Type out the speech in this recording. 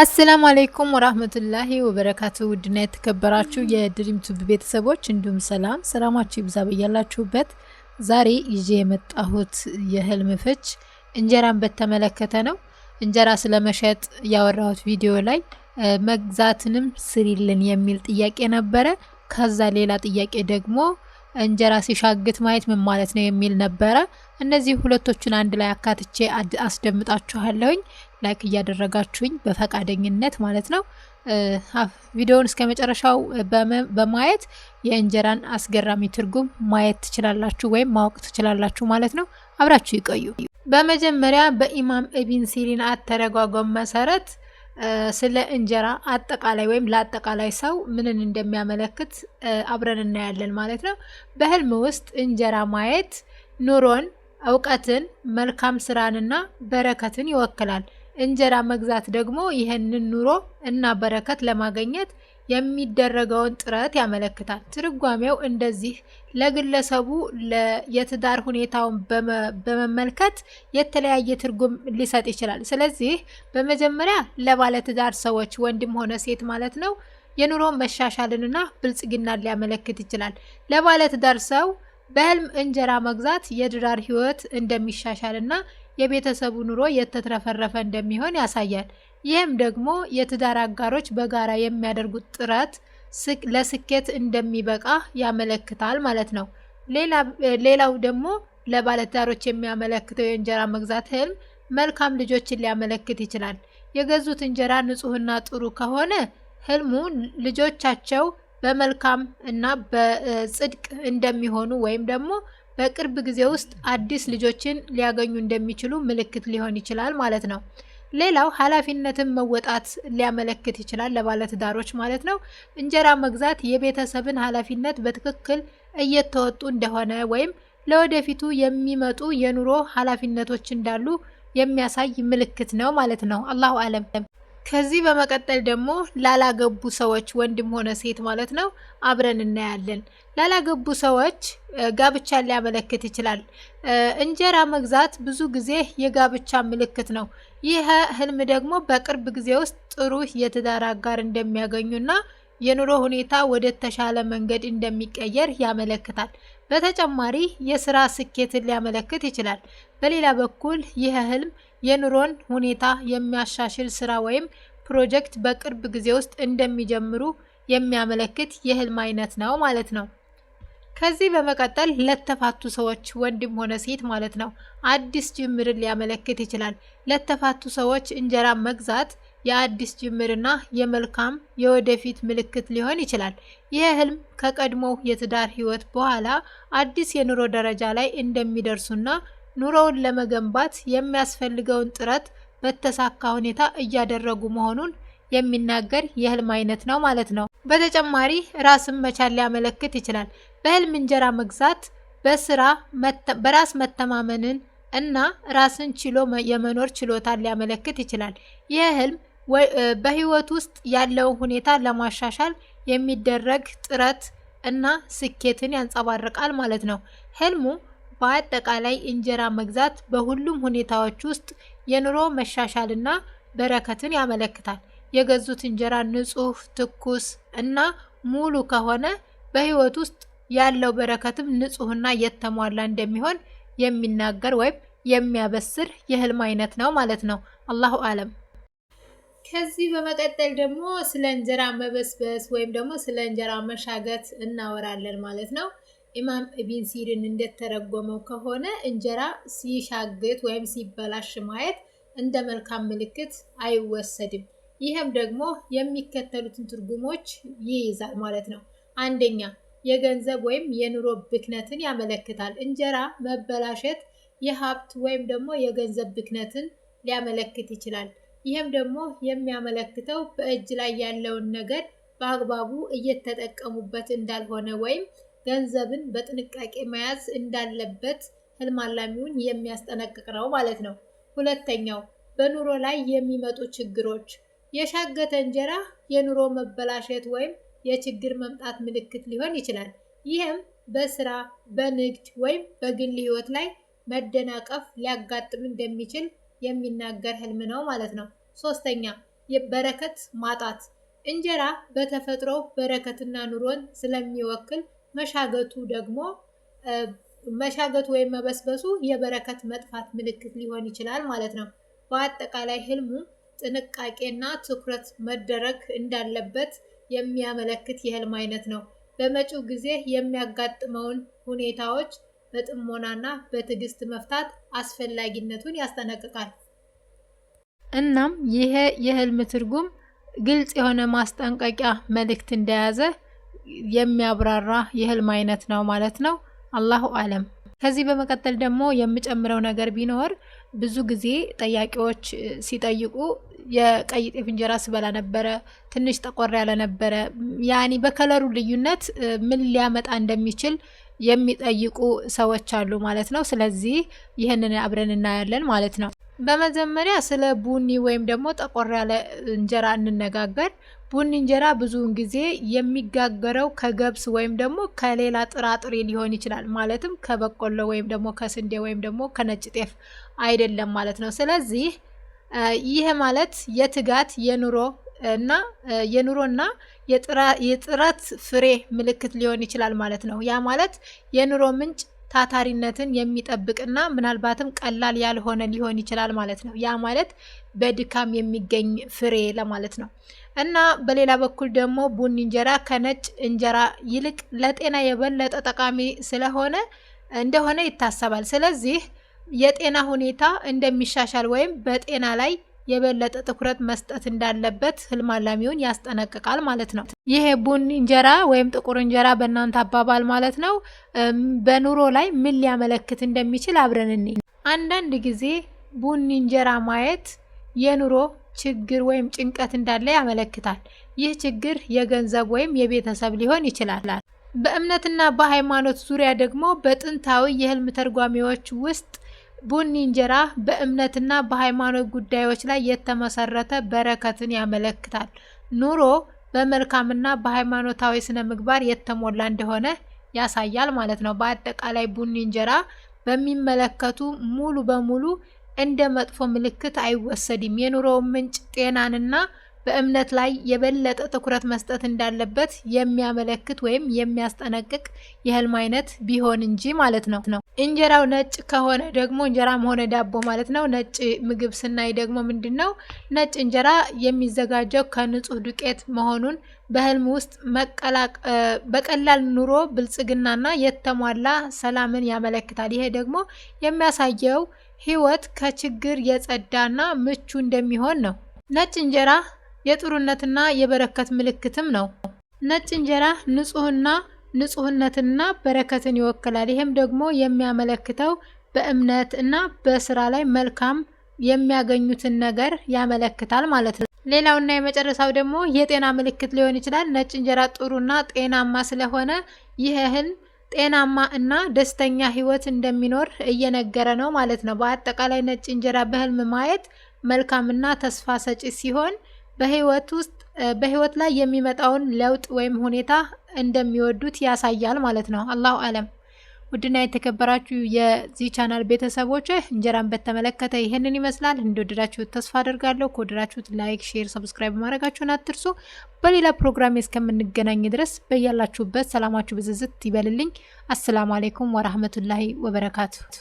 አሰላሙ አሌይኩም ወራህመቱላሂ ወበረካቱ። ውድና የተከበራችሁ የድሪም ቱብ ቤተሰቦች እንዲሁም ሰላም ሰላማችሁ ይብዛ በያላችሁበት። ዛሬ ይዤ የመጣሁት የህልም ፍች እንጀራን በተመለከተ ነው። እንጀራ ስለመሸጥ ያወራሁት ቪዲዮ ላይ መግዛትንም ስሪልን የሚል ጥያቄ ነበረ። ከዛ ሌላ ጥያቄ ደግሞ እንጀራ ሲሻግት ማየት ምን ማለት ነው የሚል ነበረ። እነዚህ ሁለቶቹን አንድ ላይ አካትቼ አስደምጣችኋለሁኝ። ላይክ እያደረጋችሁኝ በፈቃደኝነት ማለት ነው። ቪዲዮውን እስከ መጨረሻው በማየት የእንጀራን አስገራሚ ትርጉም ማየት ትችላላችሁ ወይም ማወቅ ትችላላችሁ ማለት ነው። አብራችሁ ይቆዩ። በመጀመሪያ በኢማም ኢብን ሲሪን አተረጓጎም መሰረት ስለ እንጀራ አጠቃላይ ወይም ለአጠቃላይ ሰው ምንን እንደሚያመለክት አብረን እናያለን ማለት ነው። በህልም ውስጥ እንጀራ ማየት ኑሮን፣ እውቀትን፣ መልካም ስራንና በረከትን ይወክላል። እንጀራ መግዛት ደግሞ ይህንን ኑሮ እና በረከት ለማገኘት ። የሚደረገውን ጥረት ያመለክታል። ትርጓሜው እንደዚህ ለግለሰቡ የትዳር ሁኔታውን በመመልከት የተለያየ ትርጉም ሊሰጥ ይችላል። ስለዚህ በመጀመሪያ ለባለትዳር ሰዎች ወንድም ሆነ ሴት ማለት ነው የኑሮ መሻሻልንና ብልጽግናን ሊያመለክት ይችላል። ለባለትዳር ሰው በህልም እንጀራ መግዛት የትዳር ህይወት እንደሚሻሻልና የቤተሰቡ ኑሮ የተትረፈረፈ እንደሚሆን ያሳያል። ይህም ደግሞ የትዳር አጋሮች በጋራ የሚያደርጉት ጥረት ለስኬት እንደሚበቃ ያመለክታል ማለት ነው። ሌላው ደግሞ ለባለትዳሮች የሚያመለክተው የእንጀራ መግዛት ህልም መልካም ልጆችን ሊያመለክት ይችላል። የገዙት እንጀራ ንጹህና ጥሩ ከሆነ ህልሙ ልጆቻቸው በመልካም እና በጽድቅ እንደሚሆኑ ወይም ደግሞ በቅርብ ጊዜ ውስጥ አዲስ ልጆችን ሊያገኙ እንደሚችሉ ምልክት ሊሆን ይችላል ማለት ነው። ሌላው ኃላፊነትን መወጣት ሊያመለክት ይችላል ለባለትዳሮች ማለት ነው። እንጀራ መግዛት የቤተሰብን ኃላፊነት በትክክል እየተወጡ እንደሆነ ወይም ለወደፊቱ የሚመጡ የኑሮ ኃላፊነቶች እንዳሉ የሚያሳይ ምልክት ነው ማለት ነው። አላሁ አለም። ከዚህ በመቀጠል ደግሞ ላላገቡ ሰዎች ወንድም ሆነ ሴት ማለት ነው አብረን እናያለን። ላላገቡ ሰዎች ጋብቻን ሊያመለክት ይችላል። እንጀራ መግዛት ብዙ ጊዜ የጋብቻ ምልክት ነው። ይህ ህልም ደግሞ በቅርብ ጊዜ ውስጥ ጥሩ የትዳር አጋር እንደሚያገኙና የኑሮ ሁኔታ ወደ ተሻለ መንገድ እንደሚቀየር ያመለክታል። በተጨማሪ የስራ ስኬትን ሊያመለክት ይችላል። በሌላ በኩል ይህ ህልም የኑሮን ሁኔታ የሚያሻሽል ስራ ወይም ፕሮጀክት በቅርብ ጊዜ ውስጥ እንደሚጀምሩ የሚያመለክት የህልም አይነት ነው ማለት ነው። ከዚህ በመቀጠል ለተፋቱ ሰዎች ወንድም ሆነ ሴት ማለት ነው አዲስ ጅምርን ሊያመለክት ይችላል። ለተፋቱ ሰዎች እንጀራ መግዛት የአዲስ ጅምርና የመልካም የወደፊት ምልክት ሊሆን ይችላል። ይህ ህልም ከቀድሞው የትዳር ህይወት በኋላ አዲስ የኑሮ ደረጃ ላይ እንደሚደርሱና ኑሮውን ለመገንባት የሚያስፈልገውን ጥረት በተሳካ ሁኔታ እያደረጉ መሆኑን የሚናገር የህልም አይነት ነው ማለት ነው። በተጨማሪ ራስን መቻል ሊያመለክት ይችላል። በህልም እንጀራ መግዛት በስራ በራስ መተማመንን እና ራስን ችሎ የመኖር ችሎታን ሊያመለክት ይችላል። ይህ ህልም በህይወት ውስጥ ያለውን ሁኔታ ለማሻሻል የሚደረግ ጥረት እና ስኬትን ያንጸባርቃል ማለት ነው። ህልሙ በአጠቃላይ እንጀራ መግዛት በሁሉም ሁኔታዎች ውስጥ የኑሮ መሻሻልና በረከትን ያመለክታል። የገዙት እንጀራ ንጹህ፣ ትኩስ እና ሙሉ ከሆነ በህይወት ውስጥ ያለው በረከትም ንጹህና የተሟላ እንደሚሆን የሚናገር ወይም የሚያበስር የህልም አይነት ነው ማለት ነው። አላሁ አለም። ከዚህ በመቀጠል ደግሞ ስለ እንጀራ መበስበስ ወይም ደግሞ ስለ እንጀራ መሻገት እናወራለን ማለት ነው። ኢማም ኢብን ሲሪን እንደተረጎመው ከሆነ እንጀራ ሲሻግት ወይም ሲበላሽ ማየት እንደ መልካም ምልክት አይወሰድም። ይህም ደግሞ የሚከተሉትን ትርጉሞች ይይዛል ማለት ነው። አንደኛ የገንዘብ ወይም የኑሮ ብክነትን ያመለክታል። እንጀራ መበላሸት የሀብት ወይም ደግሞ የገንዘብ ብክነትን ሊያመለክት ይችላል። ይህም ደግሞ የሚያመለክተው በእጅ ላይ ያለውን ነገር በአግባቡ እየተጠቀሙበት እንዳልሆነ ወይም ገንዘብን በጥንቃቄ መያዝ እንዳለበት ህልም አላሚውን የሚያስጠነቅቅ ነው ማለት ነው። ሁለተኛው በኑሮ ላይ የሚመጡ ችግሮች የሻገተ እንጀራ የኑሮ መበላሸት ወይም የችግር መምጣት ምልክት ሊሆን ይችላል። ይህም በስራ በንግድ ወይም በግል ህይወት ላይ መደናቀፍ ሊያጋጥም እንደሚችል የሚናገር ህልም ነው ማለት ነው። ሶስተኛ በረከት ማጣት። እንጀራ በተፈጥሮ በረከትና ኑሮን ስለሚወክል መሻገቱ ደግሞ መሻገቱ ወይም መበስበሱ የበረከት መጥፋት ምልክት ሊሆን ይችላል ማለት ነው። በአጠቃላይ ህልሙ ጥንቃቄና ትኩረት መደረግ እንዳለበት የሚያመለክት የህልም አይነት ነው። በመጪው ጊዜ የሚያጋጥመውን ሁኔታዎች በጥሞናና በትዕግስት መፍታት አስፈላጊነቱን ያስጠነቅቃል። እናም ይሄ የህልም ትርጉም ግልጽ የሆነ ማስጠንቀቂያ መልእክት እንደያዘ የሚያብራራ የህልም አይነት ነው ማለት ነው። አላሁ አለም። ከዚህ በመቀጠል ደግሞ የምጨምረው ነገር ቢኖር ብዙ ጊዜ ጠያቂዎች ሲጠይቁ የቀይ ጤፍ እንጀራ ስበላ ነበረ፣ ትንሽ ጠቆር ያለ ነበረ፣ ያኒ በከለሩ ልዩነት ምን ሊያመጣ እንደሚችል የሚጠይቁ ሰዎች አሉ ማለት ነው። ስለዚህ ይህንን አብረን እናያለን ማለት ነው። በመጀመሪያ ስለ ቡኒ ወይም ደግሞ ጠቆር ያለ እንጀራ እንነጋገር። ቡኒ እንጀራ ብዙውን ጊዜ የሚጋገረው ከገብስ ወይም ደግሞ ከሌላ ጥራጥሬ ሊሆን ይችላል። ማለትም ከበቆሎ ወይም ደግሞ ከስንዴ ወይም ደግሞ ከነጭ ጤፍ አይደለም ማለት ነው። ስለዚህ ይህ ማለት የትጋት የኑሮ እና የኑሮና የጥረት ፍሬ ምልክት ሊሆን ይችላል ማለት ነው። ያ ማለት የኑሮ ምንጭ ታታሪነትን የሚጠብቅና ምናልባትም ቀላል ያልሆነ ሊሆን ይችላል ማለት ነው። ያ ማለት በድካም የሚገኝ ፍሬ ለማለት ነው እና በሌላ በኩል ደግሞ ቡኒ እንጀራ ከነጭ እንጀራ ይልቅ ለጤና የበለጠ ጠቃሚ ስለሆነ እንደሆነ ይታሰባል። ስለዚህ የጤና ሁኔታ እንደሚሻሻል ወይም በጤና ላይ የበለጠ ትኩረት መስጠት እንዳለበት ህልም አላሚውን ያስጠነቅቃል ማለት ነው። ይሄ ቡን እንጀራ ወይም ጥቁር እንጀራ በእናንተ አባባል ማለት ነው በኑሮ ላይ ምን ሊያመለክት እንደሚችል አብረን እኔ አንዳንድ ጊዜ ቡኒ እንጀራ ማየት የኑሮ ችግር ወይም ጭንቀት እንዳለ ያመለክታል። ይህ ችግር የገንዘብ ወይም የቤተሰብ ሊሆን ይችላል። በእምነትና በሃይማኖት ዙሪያ ደግሞ በጥንታዊ የህልም ተርጓሚዎች ውስጥ ቡኒ እንጀራ በእምነትና በሃይማኖት ጉዳዮች ላይ የተመሰረተ በረከትን ያመለክታል። ኑሮ በመልካምና በሃይማኖታዊ ስነ ምግባር የተሞላ እንደሆነ ያሳያል ማለት ነው። በአጠቃላይ ቡኒ እንጀራ በሚመለከቱ ሙሉ በሙሉ እንደ መጥፎ ምልክት አይወሰድም። የኑሮውን ምንጭ ጤናንና በእምነት ላይ የበለጠ ትኩረት መስጠት እንዳለበት የሚያመለክት ወይም የሚያስጠነቅቅ የህልም አይነት ቢሆን እንጂ ማለት ነው ነው እንጀራው ነጭ ከሆነ ደግሞ እንጀራም ሆነ ዳቦ ማለት ነው። ነጭ ምግብ ስናይ ደግሞ ምንድን ነው? ነጭ እንጀራ የሚዘጋጀው ከንጹህ ዱቄት መሆኑን በህልም ውስጥ በቀላል ኑሮ ብልጽግናና የተሟላ ሰላምን ያመለክታል። ይሄ ደግሞ የሚያሳየው ህይወት ከችግር የጸዳና ምቹ እንደሚሆን ነው። ነጭ እንጀራ የጥሩነትና የበረከት ምልክትም ነው። ነጭ እንጀራ ንጹህና ንጹህነትና በረከትን ይወክላል። ይህም ደግሞ የሚያመለክተው በእምነት እና በስራ ላይ መልካም የሚያገኙትን ነገር ያመለክታል ማለት ነው። ሌላውና የመጨረሻው ደግሞ የጤና ምልክት ሊሆን ይችላል። ነጭ እንጀራ ጥሩና ጤናማ ስለሆነ ይህ እህል ጤናማ እና ደስተኛ ህይወት እንደሚኖር እየነገረ ነው ማለት ነው። በአጠቃላይ ነጭ እንጀራ በህልም ማየት መልካምና ተስፋ ሰጪ ሲሆን በህይወት ውስጥ በህይወት ላይ የሚመጣውን ለውጥ ወይም ሁኔታ እንደሚወዱት ያሳያል ማለት ነው። አላሁ አለም። ውድና የተከበራችሁ የዚህ ቻናል ቤተሰቦች እንጀራን በተመለከተ ይህንን ይመስላል። እንደወደዳችሁት ተስፋ አድርጋለሁ። ከወደዳችሁት ላይክ፣ ሼር፣ ሰብስክራይብ ማድረጋችሁን አትርሱ። በሌላ ፕሮግራም እስከምንገናኝ ድረስ በያላችሁበት ሰላማችሁ ብዝዝት ይበልልኝ። አሰላሙ አሌይኩም ወረህመቱላሂ ወበረካቱ።